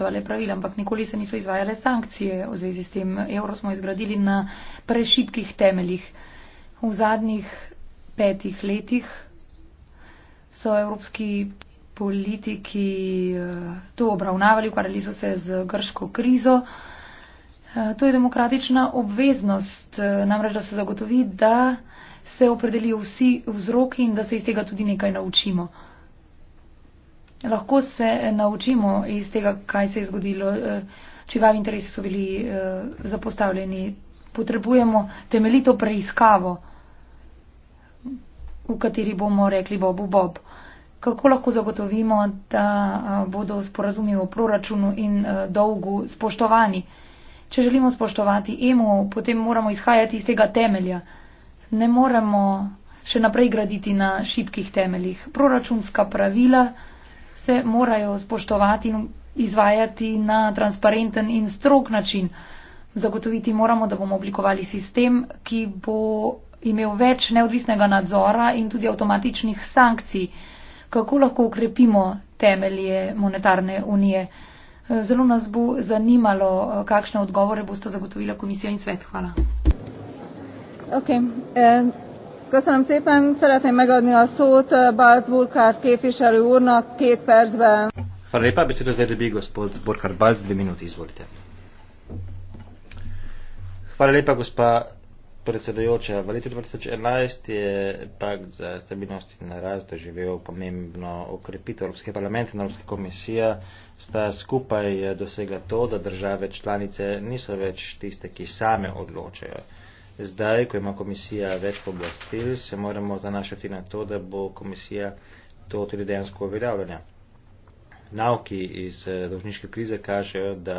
ali pravila, ampak nikoli se niso izvajale sankcije v zvezi s tem. Evro smo izgradili na prešipkih temeljih. V zadnjih petih letih so evropski politiki eh, to obravnavali, ukvarjali so se z grško krizo. Eh, to je demokratična obveznost, eh, namreč, da se zagotovi, da se opredelijo vsi vzroki in da se iz tega tudi nekaj naučimo lahko se eh, naučimo iz tega, kaj se je zgodilo, eh, čigavi interesi so bili eh, zapostavljeni. Potrebujemo temeljito preiskavo, v kateri bomo rekli Bobu Bob. Kako lahko zagotovimo, da bodo sporazumi o proračunu in dolgu spoštovani? Če želimo spoštovati EMU, potem moramo izhajati iz tega temelja. Ne moremo še naprej graditi na šibkih temeljih. Proračunska pravila se morajo spoštovati in izvajati na transparenten in strok način. Zagotoviti moramo, da bomo oblikovali sistem, ki bo imel več neodvisnega nadzora in tudi avtomatičnih sankcij. Kako lahko ukrepimo temelje monetarne unije? Zelo nas bo zanimalo, kakšne odgovore boste zagotovila komisija in svet. Hvala. Okay. Um. Köszönöm szépen. Szeretném megadni a szót eh, Bart Burkhardt képviselő úrnak két percben. Fără repabil să de bine, gospod Burkhard Balz, de minute, izvolite. Hvala lepa, gospa predsedujoča. V letu 2011 je pakt za stabilnost in rast doživel pomembno okrepitev. Evropski parlament in Evropska komisija sta skupaj eh, dosega to, da države članice niso več tiste, ki same odločajo. Zdaj, ko ima komisija več pooblastil, se moramo zanašati na to, da bo komisija to tudi dejansko uveljavljala. Nauki iz eh, dolžniške krize kažejo, da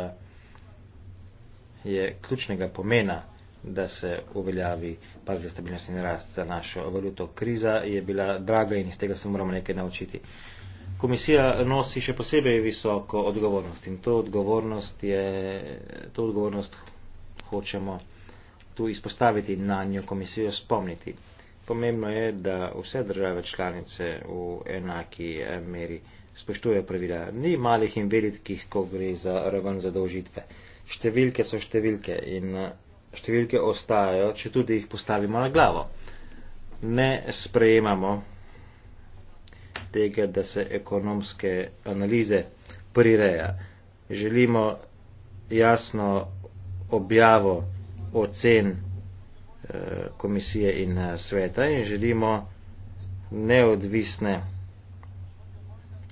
je ključnega pomena, da se uveljavi pak za stabilnost in rast za našo valuto. Kriza je bila draga in iz tega se moramo nekaj naučiti. Komisija nosi še posebej visoko odgovornost in to odgovornost, je, to odgovornost hočemo tu izpostaviti in na njo komisijo spomniti. Pomembno je, da vse države članice v enaki meri spoštujejo pravila. Ni malih in velikih, ko gre za raven zadolžitve. Številke so številke in eh, številke ostajajo, če tudi jih postavimo na glavo. Ne sprejemamo tega, da se ekonomske analize prireja. Želimo jasno objavo ocen eh, komisije in eh, sveta in želimo neodvisne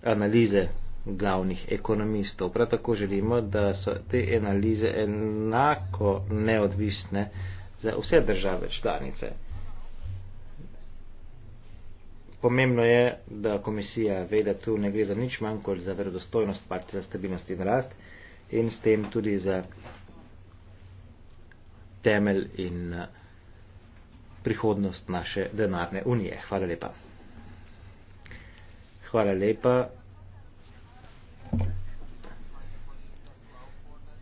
analize glavnih ekonomistov. Prav tako želimo, da so te analize enako neodvisne za vse države članice. Pomembno je, da komisija ve, da tu ne gre za nič manj kot za verodostojnost partije za stabilnost in rast in s tem tudi za temelj in eh, prihodnost naše denarne unije. Hvala lepa. Hvala lepa.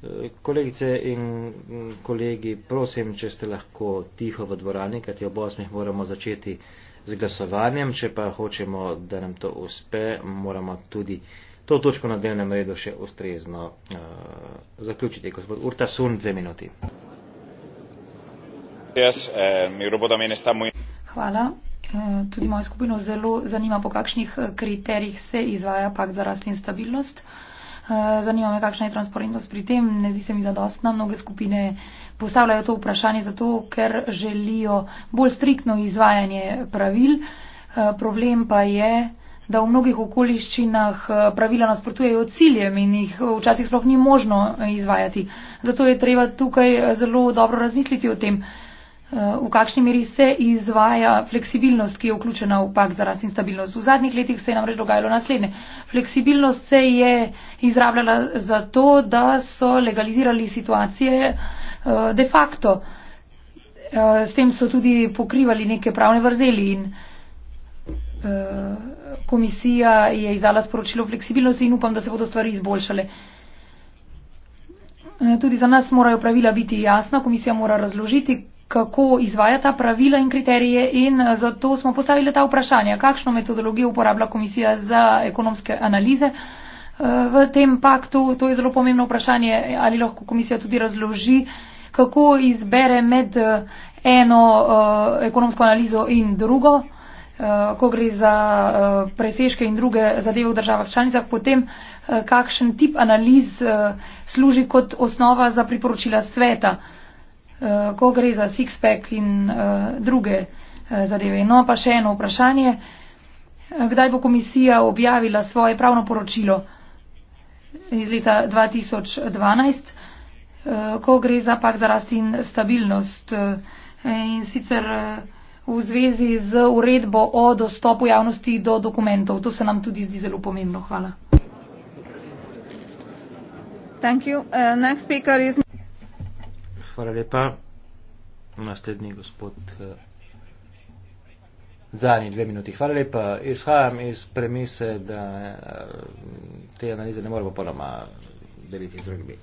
Eh, kolegice in mm, kolegi, prosim, če ste lahko tiho v dvorani, kajti ob osmih moramo začeti z glasovanjem, če pa hočemo, da nam to uspe, moramo tudi to točko na dnevnem redu še ustrezno uh, zaključiti. Gospod Urta Sun, dve minuti. Eh, Hvala. Eh, tudi mojo skupino zelo zanima, po kakšnih eh, kriterijih se izvaja pakt za rast in stabilnost. Zanima me, kakšna je transparentnost pri tem. Ne zdi se mi zadostna. Mnoge skupine postavljajo to vprašanje zato, ker želijo bolj striktno izvajanje pravil. Problem pa je, da v mnogih okoliščinah pravila nasprotujejo ciljem in jih včasih sploh ni možno izvajati. Zato je treba tukaj zelo dobro razmisliti o tem. Eh, v kakšni meri se izvaja fleksibilnost, ki je vključena v pakt za rast in stabilnost? V zadnjih letih se je namreč dogajalo naslednje. Fleksibilnost se je izrabljala zato, da so legalizirali situacije eh, de facto. Eh, s tem so tudi pokrivali neke pravne vrzeli in komisija je izdala sporočilo fleksibilnosti in upam, da se bodo stvari izboljšale. Tudi za nas morajo pravila biti jasna, komisija mora razložiti, kako izvaja ta pravila in kriterije in eh, zato smo postavili ta vprašanja, kakšno metodologijo uporablja Komisija za ekonomske analize eh, v tem paktu. To je zelo pomembno vprašanje, ali lahko Komisija tudi razloži, kako izbere med eh, eno ekonomsko analizo in drugo, ko gre za presežke in druge zadeve v državah članicah, potem kakšen tip analiz služi kot osnova za priporočila sveta uh, ko gre za six-pack in uh, druge uh, zadeve. No, pa še eno vprašanje. Kdaj bo komisija objavila svoje pravno poročilo iz leta 2012, uh, ko gre za pak za rast in stabilnost? Uh, in sicer. Uh, v zvezi z uredbo o dostopu javnosti do dokumentov. To se nam tudi zdi zelo pomembno. Hvala. Hvala lepa. Naslednji gospod eh, Zani, dve minuti. Hvala lepa. Izhajam iz premise, da eh, te analize ne moremo ponoma deliti z drugimi.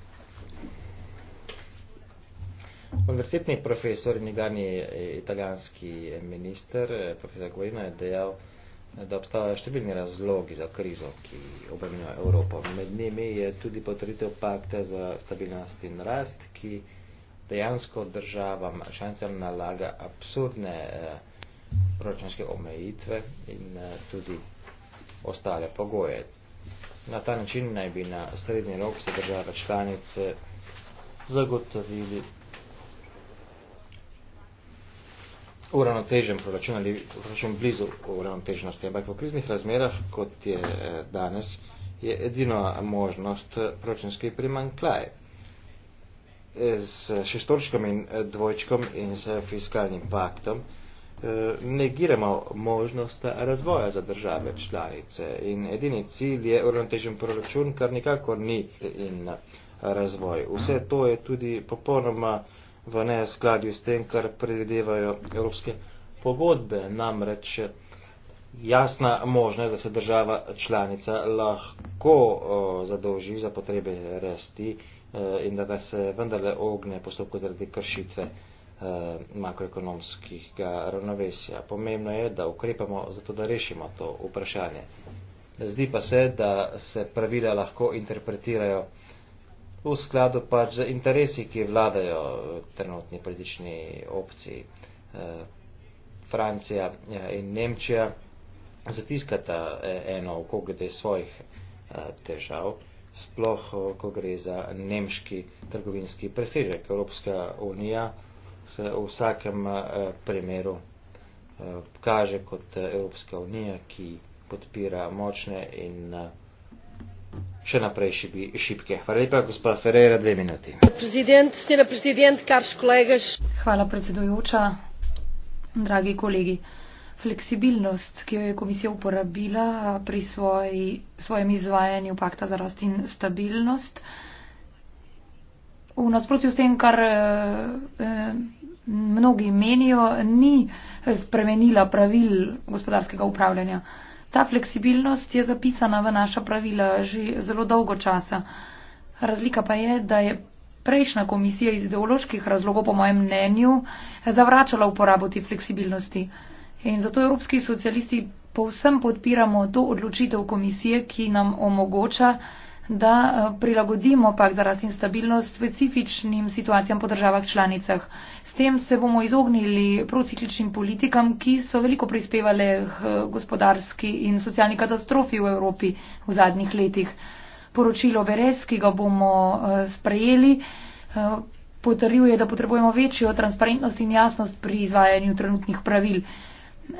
Univerzitetni profesor in nekdanji eh, italijanski minister, profesor Gojina, je dejal, da obstajajo številni razlogi za krizo, ki obremenjuje Evropo. Med njimi je tudi potrditev pakta za stabilnost in rast, ki dejansko državam šancem nalaga absurdne eh, proračunske omejitve in eh, tudi ostale pogoje. Na ta način naj bi na srednji rok se države članice zagotovili uravnotežen proračun ali proračun blizu uravnoteženosti, ampak v kriznih razmerah, kot je eh, danes, je edino možnost eh, proračunski primankljaj s šestorčkom in dvojčkom in s fiskalnim paktom e, negiramo možnost razvoja za države članice in edini cilj je uravnotežen proračun, kar nikakor ni in razvoj. Vse to je tudi popolnoma v neskladju s tem, kar predvidevajo evropske pogodbe, namreč jasna možnost, da se država članica lahko e, zadolži za potrebe resti Eh, in da, da se vendarle ogne postopko zaradi kršitve eh, makroekonomskega ravnovesja. Pomembno je, da ukrepamo zato, da rešimo to vprašanje. Zdi pa se, da se pravila lahko interpretirajo v skladu pač z interesi, ki vladajo trenutni politični opciji. Eh, Francija in Nemčija zatiskata eno oko glede svojih težav sploh, eh, ko gre za nemški trgovinski presežek. Evropska unija se v vsakem eh, primeru eh, kaže kot Evropska unija, ki podpira močne in še naprej šibi, šibke. Hvala lepa, gospod Ferreira, dve minuti. Prezident, sena prezident, karš kolegaš. Hvala, predsedujoča, dragi kolegi fleksibilnost, ki jo je komisija uporabila pri svoji, svojem izvajanju pakta za rast in stabilnost. V nasprotju s tem, kar eh, mnogi menijo, ni spremenila pravil gospodarskega upravljanja. Ta fleksibilnost je zapisana v naša pravila že zelo dolgo časa. Razlika pa je, da je prejšnja komisija iz ideoloških razlogov, po mojem mnenju, zavračala uporabo te fleksibilnosti. Eh, In zato evropski socialisti povsem podpiramo to odločitev komisije, ki nam omogoča, da eh, prilagodimo pak za rast in stabilnost specifičnim situacijam po državah članicah. S tem se bomo izognili procikličnim politikam, ki so veliko prispevale k eh, gospodarski in socialni katastrofi v Evropi v zadnjih letih. Poročilo Veres, ki ga bomo eh, sprejeli, potrjuje, da potrebujemo večjo transparentnost in jasnost pri izvajanju trenutnih pravil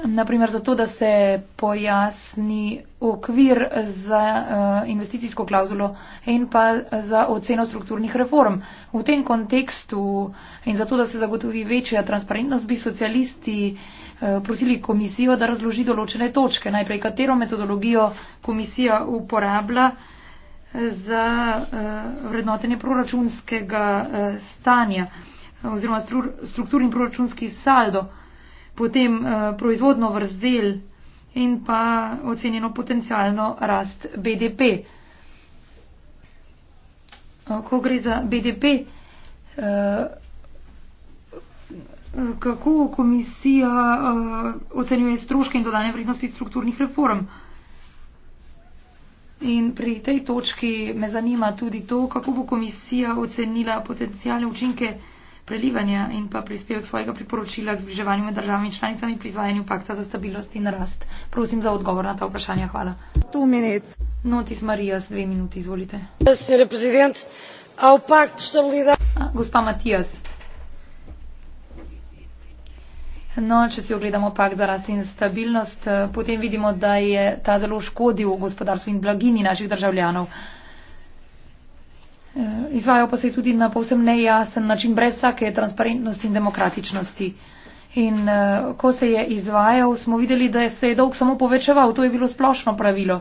naprimer zato, da se pojasni okvir za eh, investicijsko klauzulo in pa za oceno strukturnih reform. V tem kontekstu in zato, da se zagotovi večja transparentnost, bi socialisti eh, prosili komisijo, da razloži določene točke, najprej katero metodologijo komisija uporablja eh, za vrednotenje proračunskega stanja oziroma strukturni proračunski saldo potem eh, proizvodno vrzel in pa ocenjeno potencialno rast BDP. Eh, ko gre za BDP, eh, kako komisija ocenjuje stroške in dodane vrednosti strukturnih reform? In pri tej točki me zanima tudi to, kako bo komisija ocenila potencijalne učinke uh, prelivanja in pa prispevek svojega priporočila k zbliževanju med državami članicami pri izvajanju pakta za stabilnost in rast. Prosim za odgovor na ta vprašanja. Hvala. Tu minut. Notis Marija, z dve minuti, izvolite. Gospa Matijas. No, če si ogledamo pakt za rast in stabilnost, eh, potem vidimo, da je ta zelo škodil gospodarstvu in blagini naših državljanov. Eh, izvajo pa se tudi na povsem nejasen način, brez vsake transparentnosti in demokratičnosti. In eh, ko se je izvajal, smo videli, da se je dolg samo povečeval, to je bilo splošno pravilo.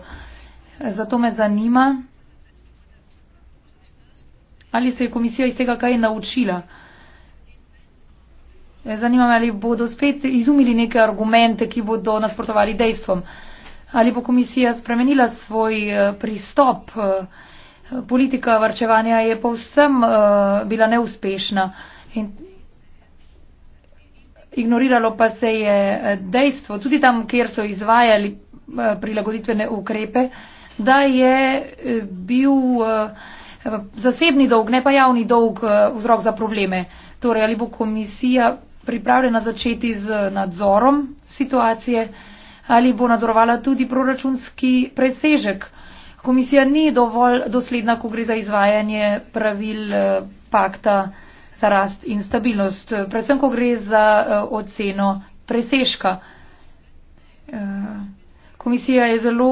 Eh, zato me zanima, ali se je komisija iz tega kaj naučila. Zanima me, ali bodo spet izumili neke argumente, ki bodo nasprotovali dejstvom. Ali bo komisija spremenila svoj pristop politika varčevanja je povsem uh, bila neuspešna. In ignoriralo pa se je eh, dejstvo, tudi tam, kjer so izvajali eh, prilagoditvene ukrepe, da je bil zasebni dolg, ne pa javni dolg, vzrok za probleme. Torej, ali bo komisija pripravljena začeti z nadzorom situacije, ali bo nadzorovala tudi proračunski presežek komisija ni dovolj dosledna, ko gre za izvajanje pravil eh, pakta za rast in stabilnost, eh, predvsem, ko gre za eh, oceno preseška. Komisija je zelo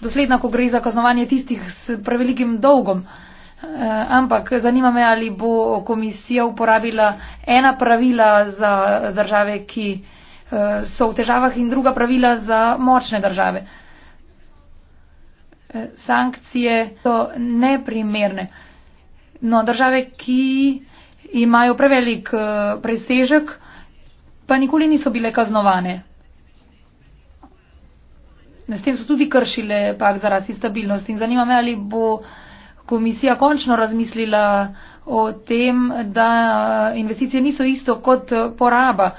dosledna, ko gre za kaznovanje tistih s prevelikim dolgom. Ampak zanima me, ali bo komisija uporabila ena pravila za države, ki so v težavah in druga pravila za močne države. Uh, Eh, sankcije so neprimerne. No, države, ki imajo prevelik eh, presežek, pa nikoli niso bile kaznovane. S tem so tudi kršile pak za rasti stabilnost in zanima me, ali bo komisija končno razmislila o tem, da eh, investicije niso isto kot poraba.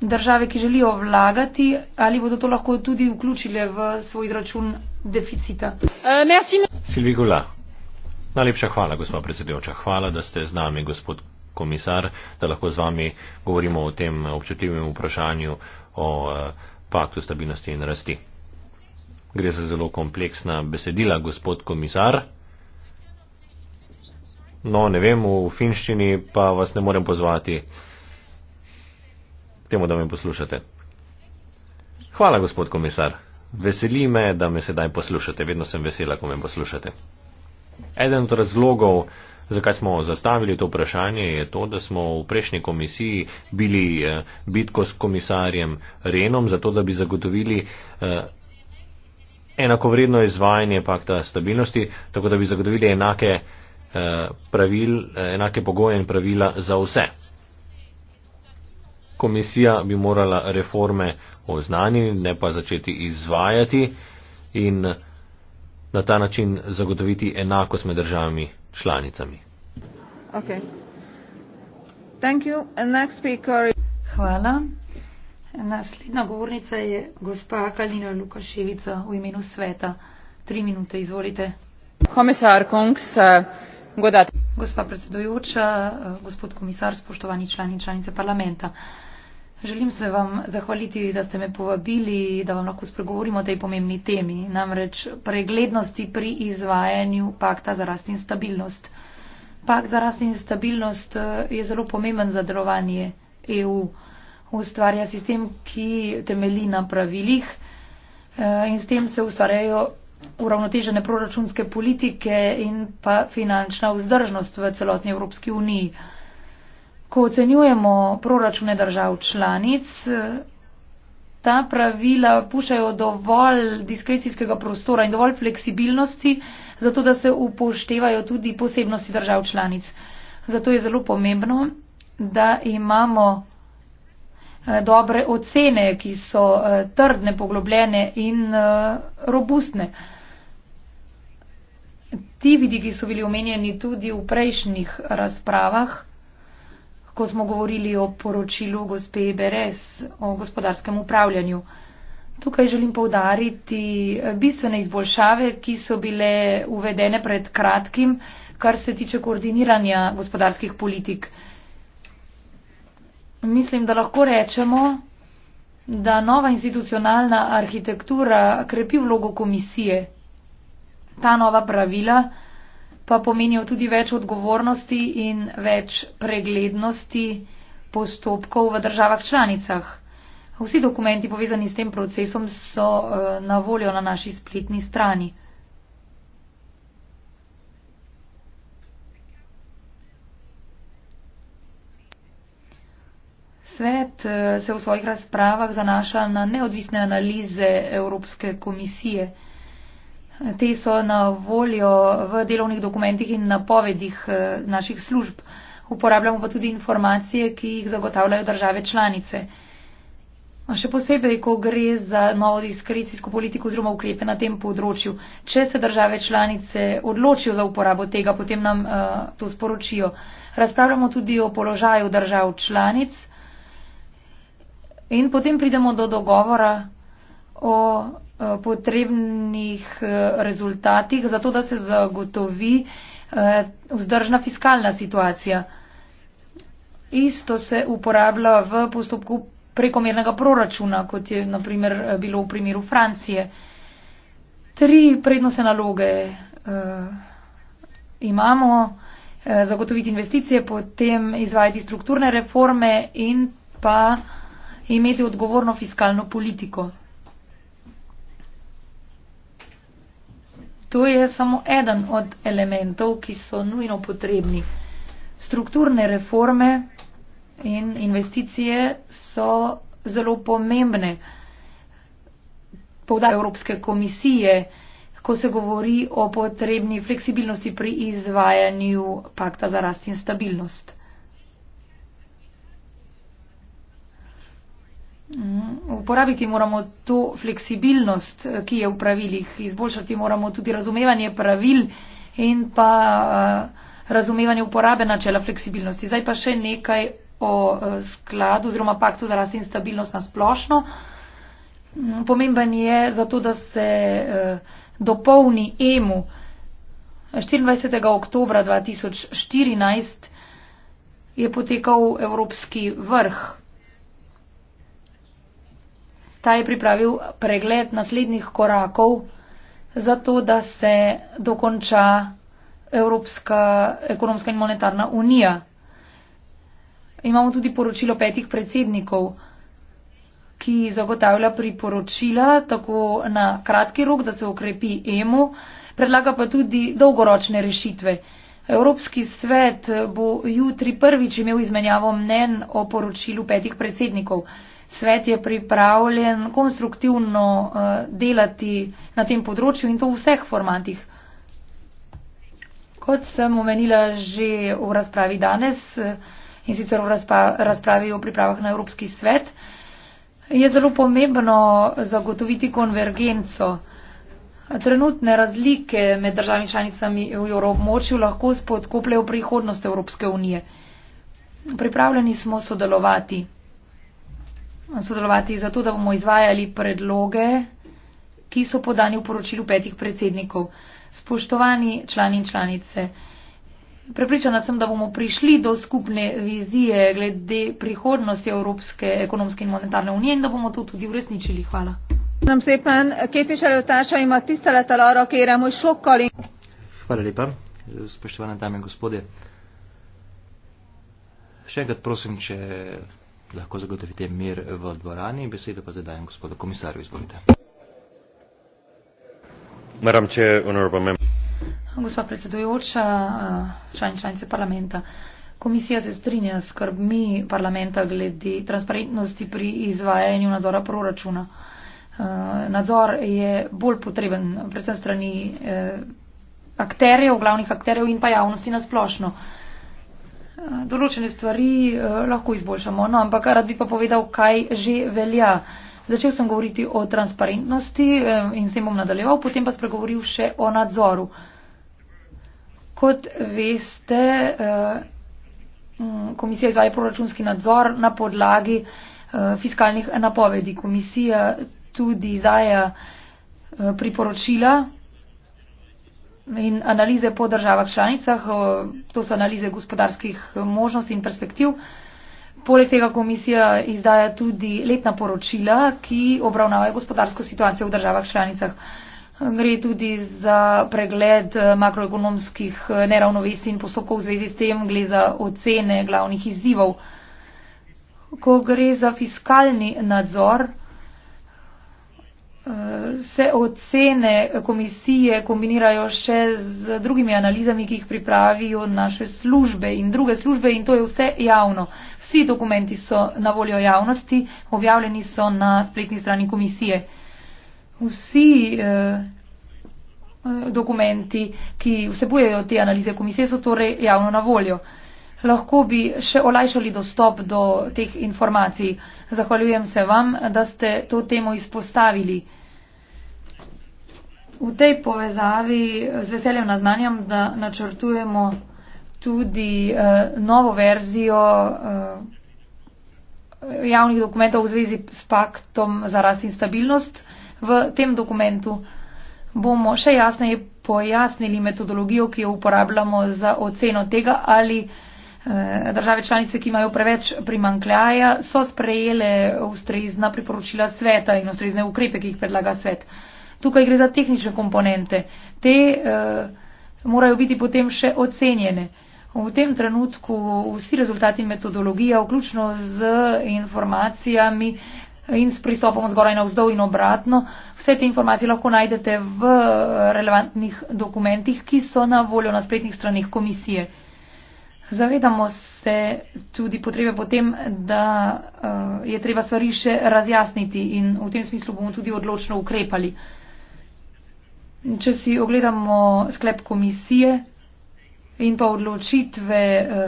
države, ki želijo vlagati, ali bodo to lahko tudi vključile v svoj izračun deficita. Eh, Silvi Gula, najlepša hvala, gospod predsedujoča. Hvala, da ste z nami, gospod komisar, da lahko z vami govorimo o tem občutljivem vprašanju o eh, paktu stabilnosti in rasti. Gre za zelo kompleksna besedila, gospod komisar. No, ne vem, v finščini pa vas ne morem pozvati temu, da me poslušate. Hvala, gospod komisar. Veseli me, da me sedaj poslušate. Vedno sem vesela, ko me poslušate. Eden od razlogov, zakaj smo zastavili to vprašanje, je to, da smo v prejšnji komisiji bili eh, bitko s komisarjem Renom, zato da bi zagotovili eh, enakovredno izvajanje pakta stabilnosti, tako da bi zagotovili enake, eh, pravil, eh, enake pogoje in pravila za vse komisija bi morala reforme oznaniti, ne pa začeti izvajati in na ta način zagotoviti enakost med državami članicami. Okay. Hvala. Naslednja govornica je gospa Kalina Lukaševica v imenu sveta. Tri minute, izvolite. Komisar Kongs, eh, godat. Gospa predsedujoča, eh, gospod komisar, spoštovani člani in članice parlamenta. Želim se vam zahvaliti, da ste me povabili, da vam lahko spregovorimo o tej pomembni temi, namreč preglednosti pri izvajanju pakta za rast in stabilnost. Pakt za rast in stabilnost eh, je zelo pomemben za delovanje EU. Ustvarja sistem, ki temeli na pravilih eh, in s tem se ustvarjajo uravnotežene proračunske politike in pa finančna vzdržnost v celotni Evropski uniji. Ko ocenjujemo proračune držav članic, ta pravila puščajo dovolj diskrecijskega prostora in dovolj fleksibilnosti, zato da se upoštevajo tudi posebnosti držav članic. Zato je zelo pomembno, da imamo eh, dobre ocene, ki so eh, trdne, poglobljene in eh, robustne. Ti vidiki so bili omenjeni tudi v prejšnjih razpravah ko smo govorili o poročilu gospe Beres o gospodarskem upravljanju. Tukaj želim povdariti eh, bistvene izboljšave, ki so bile uvedene pred kratkim, kar se tiče koordiniranja gospodarskih politik. Mislim, da lahko rečemo, da nova institucionalna arhitektura krepi vlogo komisije. Ta nova pravila pa pomenijo tudi več odgovornosti in več preglednosti postopkov v državah članicah. Vsi dokumenti povezani s tem procesom so eh, na voljo na naši spletni strani. Svet eh, se v svojih razpravah zanaša na neodvisne analize Evropske komisije. Te so na voljo v delovnih dokumentih in napovedih eh, naših služb. Uporabljamo pa tudi informacije, ki jih zagotavljajo države članice. Še posebej, ko gre za novo diskrecijsko politiko oziroma ukrepe na tem področju. Če se države članice odločijo za uporabo tega, potem nam uh, to sporočijo. Razpravljamo tudi o položaju držav članic in potem pridemo do dogovora o Eh, potrebnih eh, rezultatih, zato da se zagotovi eh, vzdržna fiskalna situacija. Isto se uporablja v postopku prekomernega proračuna, kot je naprimer bilo v primeru Francije. Tri prednose naloge uh, imamo, uh, zagotoviti investicije, potem izvajati strukturne reforme in pa imeti odgovorno fiskalno politiko. To je samo eden od elementov, ki so nujno potrebni. Strukturne reforme in investicije so zelo pomembne. Povdaj Evropske komisije, ko se govori o potrebni fleksibilnosti pri izvajanju pakta za rast in stabilnost. Mm, uporabiti moramo to fleksibilnost, eh, ki je v pravilih, izboljšati moramo tudi razumevanje pravil in pa eh, razumevanje uporabe načela fleksibilnosti. Zdaj pa še nekaj o eh, skladu oziroma paktu za rast in stabilnost na splošno. Mm, pomemben je zato, da se dopolni EMU 24. oktobra 2014 je potekal Evropski vrh Ta je pripravil pregled naslednjih korakov za to, da se dokonča Evropska ekonomska in monetarna unija. Imamo tudi poročilo petih predsednikov, ki zagotavlja priporočila tako na kratki rok, da se ukrepi EMU, predlaga pa tudi dolgoročne rešitve. Evropski svet bo jutri prvič imel izmenjavo mnen o poročilu petih predsednikov svet je pripravljen konstruktivno eh, delati na tem področju in to v vseh formatih. Kot sem omenila že v razpravi danes eh, in sicer v razpravi o pripravah na Evropski svet, je zelo pomembno zagotoviti konvergenco. Trenutne razlike med državami članicami v Evroobmočju lahko spodkopljajo prihodnost Evropske unije. Pripravljeni smo sodelovati sodelovati zato, da bomo izvajali predloge, ki so podani v poročilu petih predsednikov. Spoštovani člani in članice, prepričana sem, da bomo prišli do skupne vizije glede prihodnosti Evropske ekonomske in monetarne unije in da bomo to tudi uresničili. Hvala. Hvala lepa, spoštovane dame in gospode. Še enkrat prosim, če lahko zagotovite mir v dvorani. Besedo pa zadajem gospodu komisarju. Izvolite. Madam Chair, Honorable Member. Gospod predsedujoča, eh, članice članice parlamenta. Komisija se strinja s skrbmi parlamenta glede transparentnosti pri izvajanju nadzora proračuna. Eh, nadzor je bolj potreben, predvsem strani eh, akterjev, glavnih akterjev in pa javnosti na splošno določene stvari eh, lahko izboljšamo, no, ampak rad bi pa povedal, kaj že velja. Začel sem govoriti o transparentnosti eh, in s tem bom nadaljeval, potem pa spregovoril še o nadzoru. Kot veste, eh, komisija izvaja proračunski nadzor na podlagi fiskalnih napovedi. Komisija tudi izdaja priporočila In analize po državah članicah, eh, to so analize gospodarskih možnosti in perspektiv. Poleg tega komisija izdaja tudi letna poročila, ki obravnavajo gospodarsko situacijo v državah članicah. Gre tudi za pregled eh, makroekonomskih eh, neravnovesij in postopkov v zvezi s tem, gre za ocene glavnih izzivov. Ko gre za fiskalni nadzor, se ocene komisije kombinirajo še z drugimi analizami, ki jih pripravijo naše službe in druge službe in to je vse javno. Vsi dokumenti so na voljo javnosti, objavljeni so na spletni strani komisije. Vsi eh, eh dokumenti, ki vsebujejo te analize komisije, so torej javno na voljo. Eh, lahko bi še olajšali dostop do teh informacij. Zahvaljujem se vam, da ste to temo izpostavili. V tej povezavi z veseljem naznanjam, da načrtujemo tudi uh, novo verzijo uh, javnih dokumentov v zvezi s paktom za rast in stabilnost. V tem dokumentu bomo še jasneje pojasnili metodologijo, ki jo uporabljamo za oceno tega ali Eh, države članice, ki imajo preveč primankljaja, so sprejele ustrezna priporočila sveta in ustrezne ukrepe, ki jih predlaga svet. Tukaj gre za tehnične komponente. Te eh, morajo biti potem še ocenjene. V tem trenutku vsi rezultati metodologija, vključno z informacijami in s pristopom zgoraj na vzdolj in obratno, vse te informacije lahko najdete v relevantnih dokumentih, ki so na voljo na spletnih stranih komisije. Zavedamo se tudi potrebe potem, da eh, je treba stvari še razjasniti in v tem smislu bomo tudi odločno ukrepali. Če si ogledamo sklep komisije in pa odločitve eh,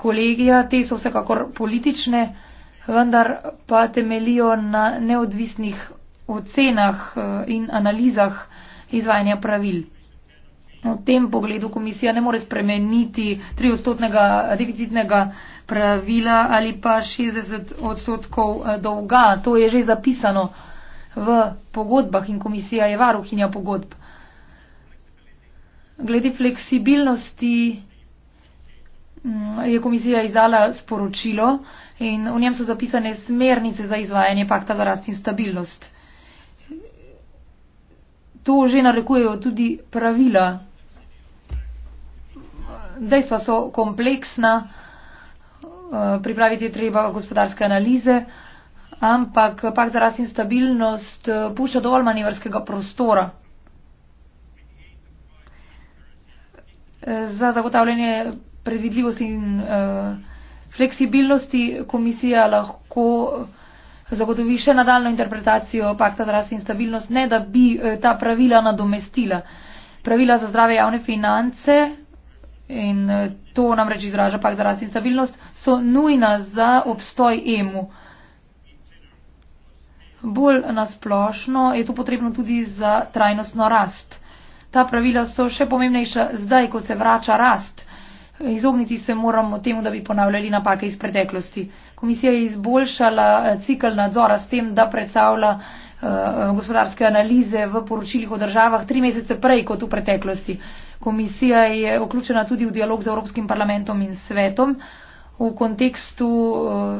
kolegija, te so vsekakor politične, vendar pa temelijo na neodvisnih ocenah eh, in analizah izvajanja pravil. V tem pogledu komisija ne more spremeniti 3-odstotnega deficitnega pravila ali pa 60 odstotkov eh, dolga. To je že zapisano v pogodbah in komisija je varuhinja pogodb. Glede fleksibilnosti mm, je komisija izdala sporočilo in v njem so zapisane smernice za izvajanje pakta za rast in stabilnost. To že narekujejo tudi pravila dejstva so kompleksna, eh, pripraviti je treba gospodarske analize, ampak pak za rast in stabilnost eh, pušča dovolj manevrskega prostora. Eh, za zagotavljanje predvidljivosti in uh, fleksibilnosti komisija lahko zagotovi še nadaljno interpretacijo pakta za rast in stabilnost, ne da bi uh, ta pravila nadomestila. Pravila za zdrave javne finance in eh, to namreč izraža pak za rast in stabilnost, so nujna za obstoj EMU. Bolj nasplošno je to potrebno tudi za trajnostno rast. Ta pravila so še pomembnejša zdaj, ko se vrača rast. Izogniti se moramo temu, da bi ponavljali napake iz preteklosti. Komisija je izboljšala eh, cikl nadzora s tem, da predstavlja Eh, gospodarske analize v poročilih o državah tri mesece prej kot v preteklosti. Komisija je vključena tudi v dialog z Evropskim parlamentom in svetom v kontekstu eh,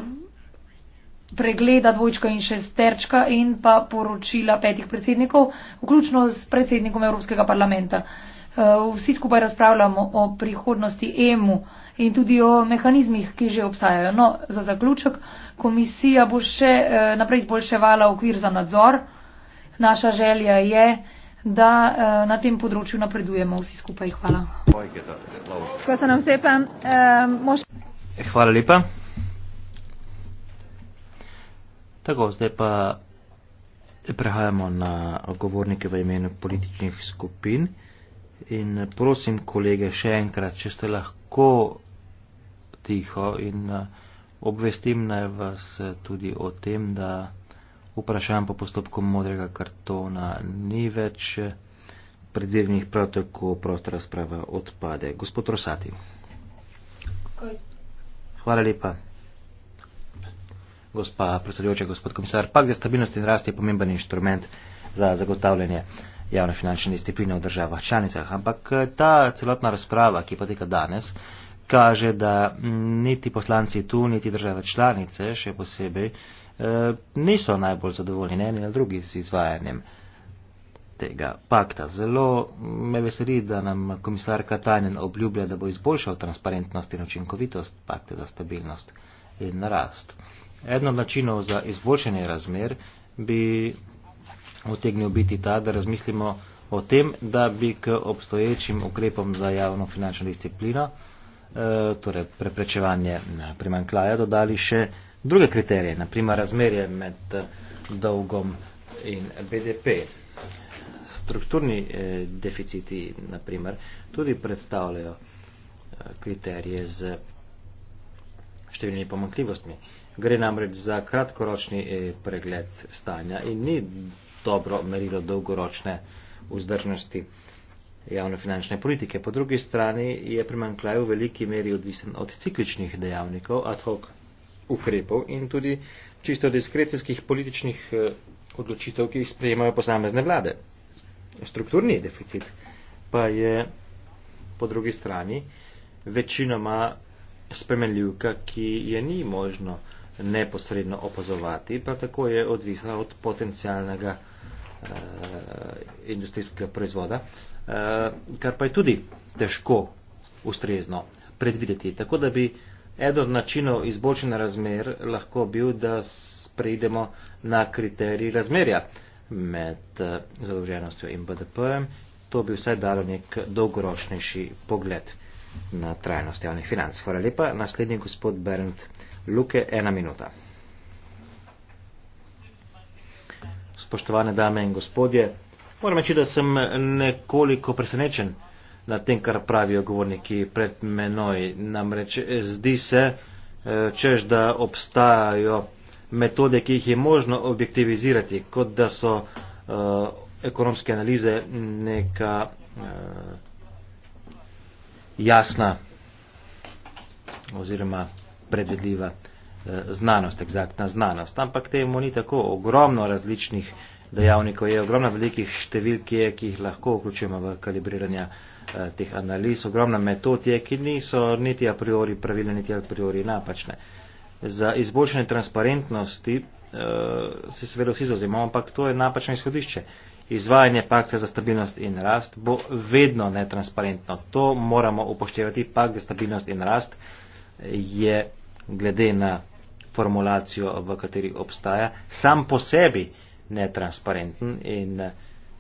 pregleda dvojčka in šesterčka in pa poročila petih predsednikov, vključno s predsednikom Evropskega parlamenta. Eh, vsi skupaj razpravljamo o prihodnosti EMU in tudi o mehanizmih, ki že obstajajo. No, za zaključek, komisija bo še eh, naprej izboljševala okvir za nadzor. Naša želja je, da eh, na tem področju napredujemo vsi skupaj. Hvala. Hvala eh, eh, lepa. Tako, zdaj pa prehajamo na govornike v imenu političnih skupin. In eh, prosim kolege še enkrat, če ste lahko tako tiho in eh, obvestim naj vas tudi o tem, da vprašanj po postopku modrega kartona ni več predvidenih prav tako prost razprava odpade. Gospod Rosati. Hvala lepa. Gospa predsedujoča, gospod komisar, pak za stabilnost in rast je pomemben inštrument za zagotavljanje uh, javnofinančne discipline v državah članicah. Ampak eh, ta celotna razprava, ki poteka danes, kaže, da niti poslanci tu, niti države članice še posebej eh, niso najbolj zadovoljni na eni ali drugi z izvajanjem tega pakta. Zelo me veseli, da nam komisarka Tajnen obljublja, da bo izboljšal transparentnost in učinkovitost pakta za stabilnost in rast. Eden od načinov za izboljšanje razmer bi utegnil biti ta, da razmislimo o tem, da bi k obstoječim ukrepom za javno finančno disciplino, eh, torej preprečevanje eh, primanklaja, dodali še druge kriterije, naprimer razmerje med eh, dolgom in BDP. Strukturni deficiti, naprimer, tudi predstavljajo kriterije z številnimi pomankljivostmi. Gre namreč za kratkoročni pregled stanja in ni dobro merilo dolgoročne vzdržnosti javne finančne politike. Po drugi strani je primankljaj v veliki meri odvisen od cikličnih dejavnikov, ad hoc ukrepov in tudi čisto diskrecijskih političnih eh, odločitev, ki jih sprejemajo posamezne vlade. Strukturni deficit pa je po drugi strani večinoma spremenljivka, ki je ni možno uh, neposredno opazovati, pa kako je odvisna od potencijalnega eh, industrijskega proizvoda, eh, kar pa je tudi težko ustrezno predvideti. Tako da bi eden od načinov izboljšanja razmer lahko bil, da preidemo na kriterij razmerja med eh, zadolženostjo in BDP-em. To bi vsaj dalo nek dolgoročnejši pogled na trajnost javnih financ. Hvala lepa. Naslednji gospod Berndt. Luke, ena minuta. Spoštovane dame in gospodje, moram reči, da sem nekoliko presenečen nad tem, kar pravijo govorniki pred menoj. Namreč zdi se, eh, čež da obstajajo metode, ki jih je možno objektivizirati, kot da so uh, ekonomske analize neka uh, jasna oziroma prevedljiva eh, znanost, egzaktna znanost. Ampak temu ni tako ogromno različnih dejavnikov, je ogromno velikih številk, je, ki jih lahko vključimo v kalibriranja eh, teh analiz, ogromno metod je, ki niso niti a priori pravilne, niti a priori napačne. Za izboljšanje transparentnosti eh, se seveda vsi zauzemamo, ampak to je napačno izhodišče. Izvajanje pakta za stabilnost in rast bo vedno netransparentno. To moramo upoštevati. Pakt za stabilnost in rast je glede na formulacijo, v kateri obstaja, sam po sebi netransparenten in eh,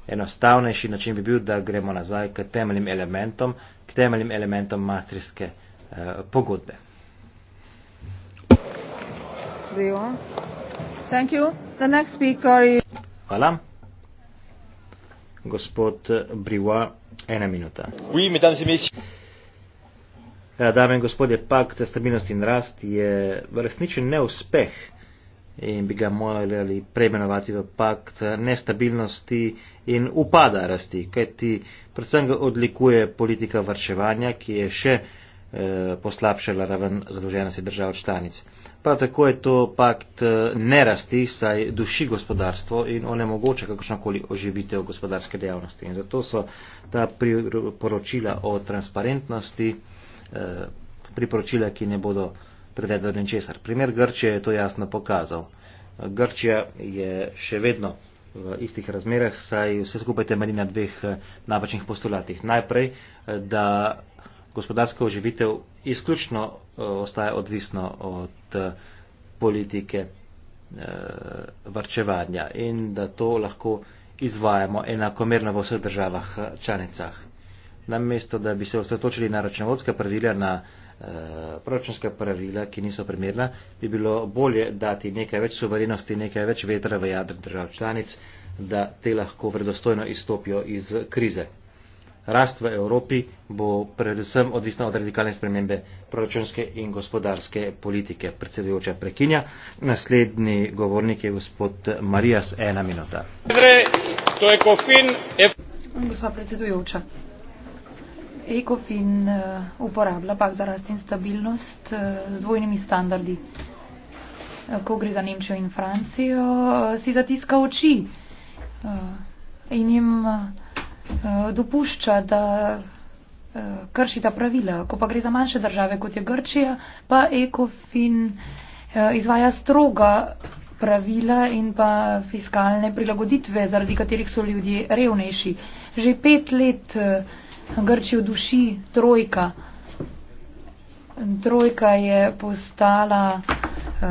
enostavnejši način bi bil, da gremo nazaj k temeljnim elementom, k temeljnim elementom mastrijske eh, pogodbe. Thank you. The next speaker is... Hvala. Gospod Briwa, ena minuta. Oui, mesdames et messieurs. Eh, dame in gospodje, pakt za stabilnost in rast je resničen neuspeh in bi ga morali preimenovati v pakt nestabilnosti in upada rasti, kajti predvsem ga odlikuje politika vrševanja, ki je še eh, poslabšala raven zadolženosti držav članic. Prav tako je to pakt eh, nerasti, saj duši gospodarstvo in onemogoča kakršnokoli oživitev gospodarske dejavnosti. In zato so ta poročila o transparentnosti. Eh, priporočila, ki ne bodo prededali ničesar. Primer Grčije je to jasno pokazal. Grčija je še vedno v istih razmerah, saj vse skupaj temelji na dveh eh, napačnih postulatih. Najprej, eh, da gospodarsko oživitev izključno ostaja odvisno od politike varčevanja in da to lahko izvajamo enakomerno v vseh državah članicah namesto da bi se osredotočili na računovodska pravila, na eh, proračunska pravila, ki niso primerna, bi bilo bolje dati nekaj več suverenosti, nekaj več vetra v jadr držav članic, da te lahko vredostojno izstopijo iz krize. Rast v Evropi bo predvsem odvisna od radikalne spremembe proračunske in gospodarske politike. Predsedujoča prekinja. Naslednji govornik je gospod Marijas, ena minuta. Gospa predsedujoča, ECOF in uh, eh, uporablja pak za rast in stabilnost uh, z dvojnimi standardi. Eh, ko gre za Nemčijo in Francijo, si zatiska oči in jim dopušča, da kršita pravila. Ko pa gre za manjše države, kot je Grčija, pa ECOFIN izvaja stroga pravila in pa fiskalne prilagoditve, zaradi katerih so ljudje revnejši. Že pet let Grčijo duši trojka. Trojka je postala uh,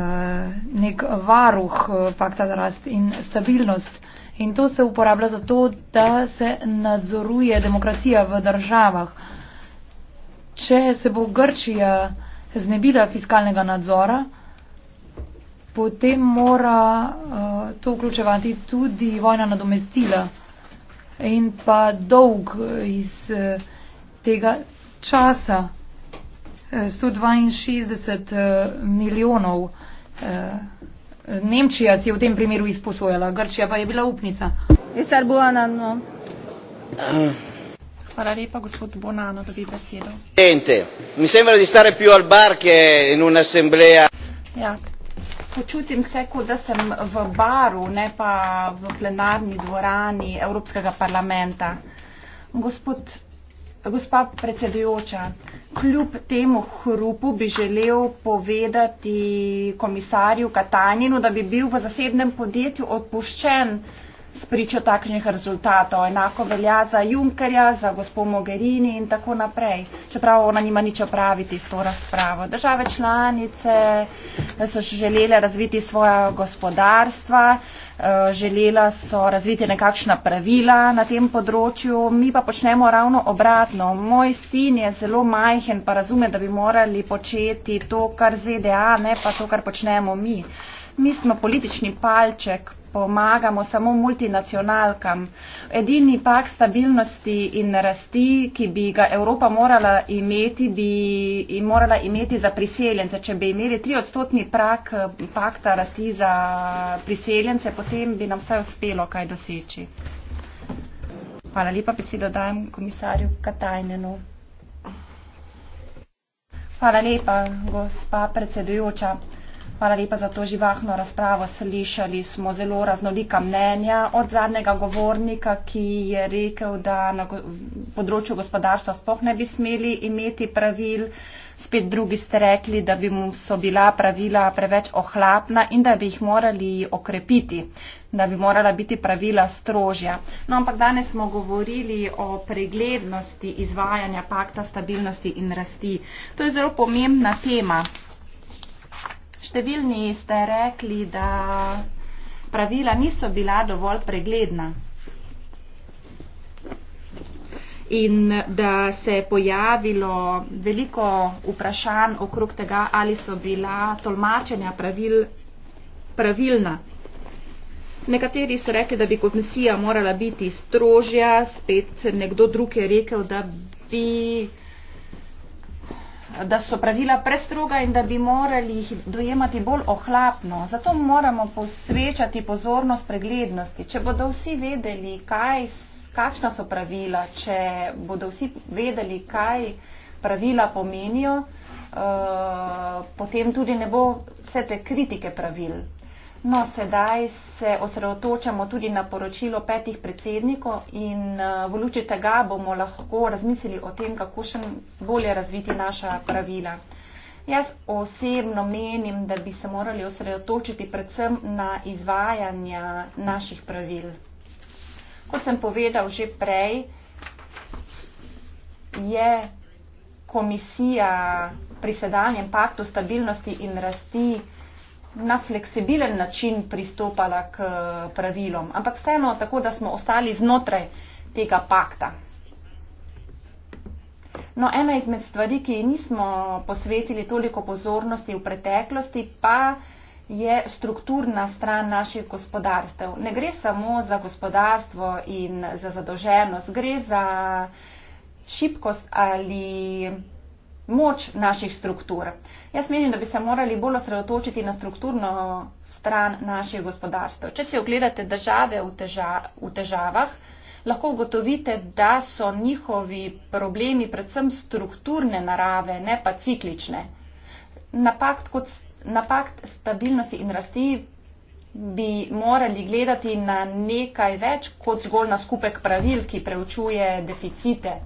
nek varuh eh, pakta za rast in stabilnost. In to se uporablja zato, da se nadzoruje demokracija v državah. Če se bo Grčija znebila fiskalnega nadzora, potem mora uh, to vključevati tudi vojna nadomestila in pa dolg iz eh, tega časa, 162 eh, eh, milijonov. Nemčija si je v tem primeru izposojala, Grčija pa je bila upnica. Hvala lepa, gospod Bonano, da bi besedo. Gente, mi sembra di stare più al bar che in un'assemblea. Ja, počutim se, kot da sem v baru, ne pa v plenarni dvorani Evropskega parlamenta. Gospod, gospa predsedujoča, kljub temu hrupu bi želel povedati komisarju Katanjinu, da bi bil v zasebnem podjetju odpuščen spričo takšnih rezultatov. Enako velja za Junkerja, za gospod Mogherini in tako naprej. Čeprav ona nima nič opraviti s to razpravo. Države članice eh, so želele razviti svoja gospodarstva, eh, želela so razviti nekakšna pravila na tem področju, mi pa počnemo ravno obratno. Moj sin je zelo majhen, pa razume, da bi morali početi to, kar ZDA, ne pa to, kar počnemo mi. Mi smo politični palček, pomagamo samo multinacionalkam. Edini pak stabilnosti in rasti, ki bi ga Evropa morala imeti, bi morala imeti za priseljence. Če bi imeli tri odstotni prak pakta rasti za priseljence, potem bi nam vse uspelo kaj doseči. Hvala lepa, besedo dajem komisarju Katajnenu. Hvala lepa, gospa predsedujoča. Hvala lepa za to živahno razpravo. Slišali smo zelo raznolika mnenja od zadnjega govornika, ki je rekel, da na področju gospodarstva spoh ne bi smeli imeti pravil. Spet drugi ste rekli, da bi mu so bila pravila preveč ohlapna in da bi jih morali okrepiti, da bi morala biti pravila strožja. No, ampak danes smo govorili o preglednosti izvajanja pakta stabilnosti in rasti. To je zelo pomembna tema. Številni ste rekli, da pravila niso bila dovolj pregledna in da se je pojavilo veliko vprašanj okrog tega, ali so bila tolmačenja pravil pravilna. Nekateri so rekli, da bi komisija morala biti strožja, spet nekdo drug je rekel, da bi da so pravila prestroga in da bi morali jih dojemati bolj ohlapno. Zato moramo posvečati pozornost preglednosti. Če bodo vsi vedeli, kaj, kakšna so pravila, če bodo vsi vedeli, kaj pravila pomenijo, eh, potem tudi ne bo vse te kritike pravil. No, sedaj se osredotočamo tudi na poročilo petih predsednikov in eh, v luči tega bomo lahko razmislili o tem, kako še bolje razviti naša pravila. Jaz osebno menim, da bi se morali osredotočiti predvsem na izvajanja naših pravil. Kot sem povedal že prej, je komisija pri sedanjem paktu stabilnosti in rasti na fleksibilen način pristopala k eh, pravilom, ampak vseeno tako, da smo ostali znotraj tega pakta. No, ena izmed stvari, ki nismo posvetili toliko pozornosti v preteklosti, pa je strukturna stran naših gospodarstev. Ne gre samo za gospodarstvo in za zadolženost, gre za šibkost ali moč naših struktur. Jaz menim, da bi se morali bolj osredotočiti na strukturno stran naših gospodarstv. Če si ogledate države v, teža, v težavah, lahko ugotovite, da so njihovi problemi predvsem strukturne narave, ne pa ciklične. Napak kot napak stabilnosti in rasti bi morali gledati na nekaj več kot zgolj na skupek pravil, ki preučuje deficite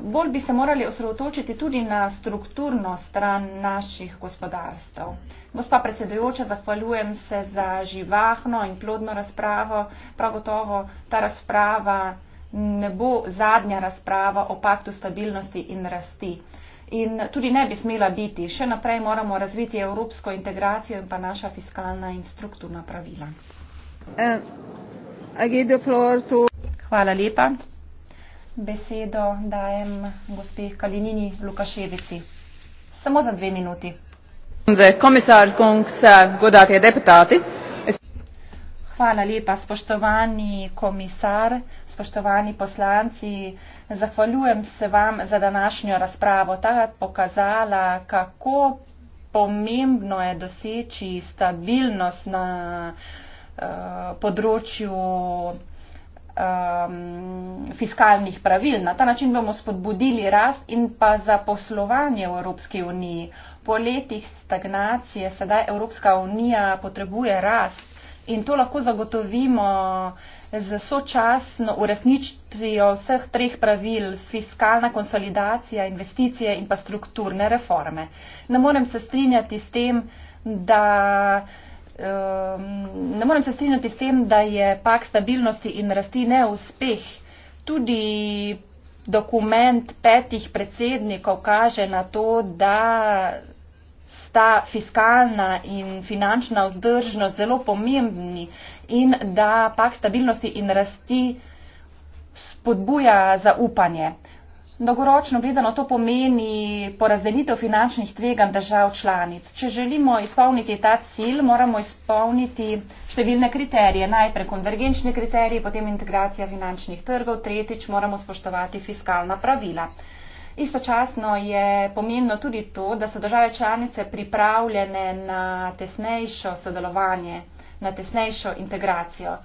bolj bi se morali osredotočiti tudi na strukturno stran naših gospodarstv. Gospa predsedujoča, zahvaljujem se za živahno in plodno razpravo. Prav gotovo ta razprava ne bo zadnja razprava o paktu stabilnosti in rasti. In tudi ne bi smela biti. Še naprej moramo razviti evropsko integracijo in pa naša fiskalna in strukturna pravila. Eh, Hvala lepa besedo dajem gospe Kalinini Lukaševici. Samo za dve minuti. Hvala lepa, spoštovani komisar, spoštovani poslanci. Zahvaljujem se vam za današnjo razpravo. Ta je pokazala, kako pomembno je doseči stabilnost na uh, področju um, fiskalnih pravil. Na ta način bomo spodbudili rast in pa zaposlovanje v Evropski uniji. Po letih stagnacije sedaj Evropska unija potrebuje rast in to lahko zagotovimo z sočasno uresničitvijo vseh treh pravil fiskalna konsolidacija, investicije in pa strukturne reforme. Ne morem se strinjati s tem, da um, ne morem se strinjati s tem, da je pak stabilnosti in rasti neuspeh. Tudi dokument petih predsednikov kaže na to, da sta fiskalna in finančna vzdržnost zelo pomembni in da pak stabilnosti in rasti spodbuja zaupanje. Dolgoročno gledano to pomeni porazdelitev finančnih tveganj držav članic. Če želimo izpolniti ta cilj, moramo izpolniti številne kriterije. Najprej konvergenčne kriterije, potem integracija finančnih trgov, tretjič moramo spoštovati fiskalna pravila. Istočasno je pomembno tudi to, da so države članice pripravljene na tesnejšo sodelovanje, na tesnejšo integracijo.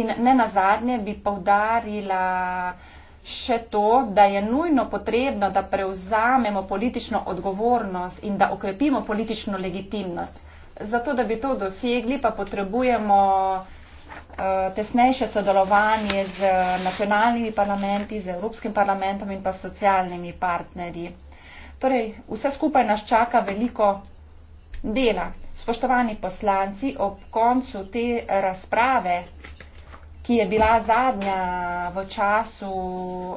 In ne nazadnje bi povdarila še to, da je nujno potrebno, da prevzamemo politično odgovornost in da okrepimo politično legitimnost. Zato, da bi to dosegli, pa potrebujemo eh, tesnejše sodelovanje z nacionalnimi parlamenti, z Evropskim parlamentom in pa s socialnimi partnerji. Torej, vse skupaj nas čaka veliko dela. Spoštovani poslanci, ob koncu te razprave ki je bila zadnja v času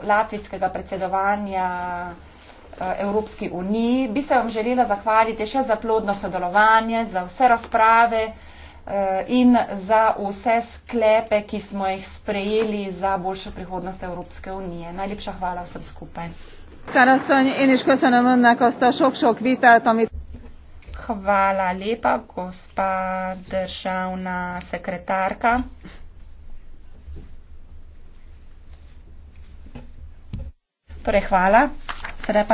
latvijskega predsedovanja eh, Evropski uniji. Bi se vam želela zahvaliti še za plodno sodelovanje, za vse razprave eh, in za vse sklepe, ki smo jih sprejeli za boljšo prihodnost Evropske unije. Najlepša hvala vsem skupaj. Karasony, Eniš, köszönöm önnek azt a sok-sok vitát, amit... Hvala lépa, gospa državna sekretárka. Torej, hvala. Sreba.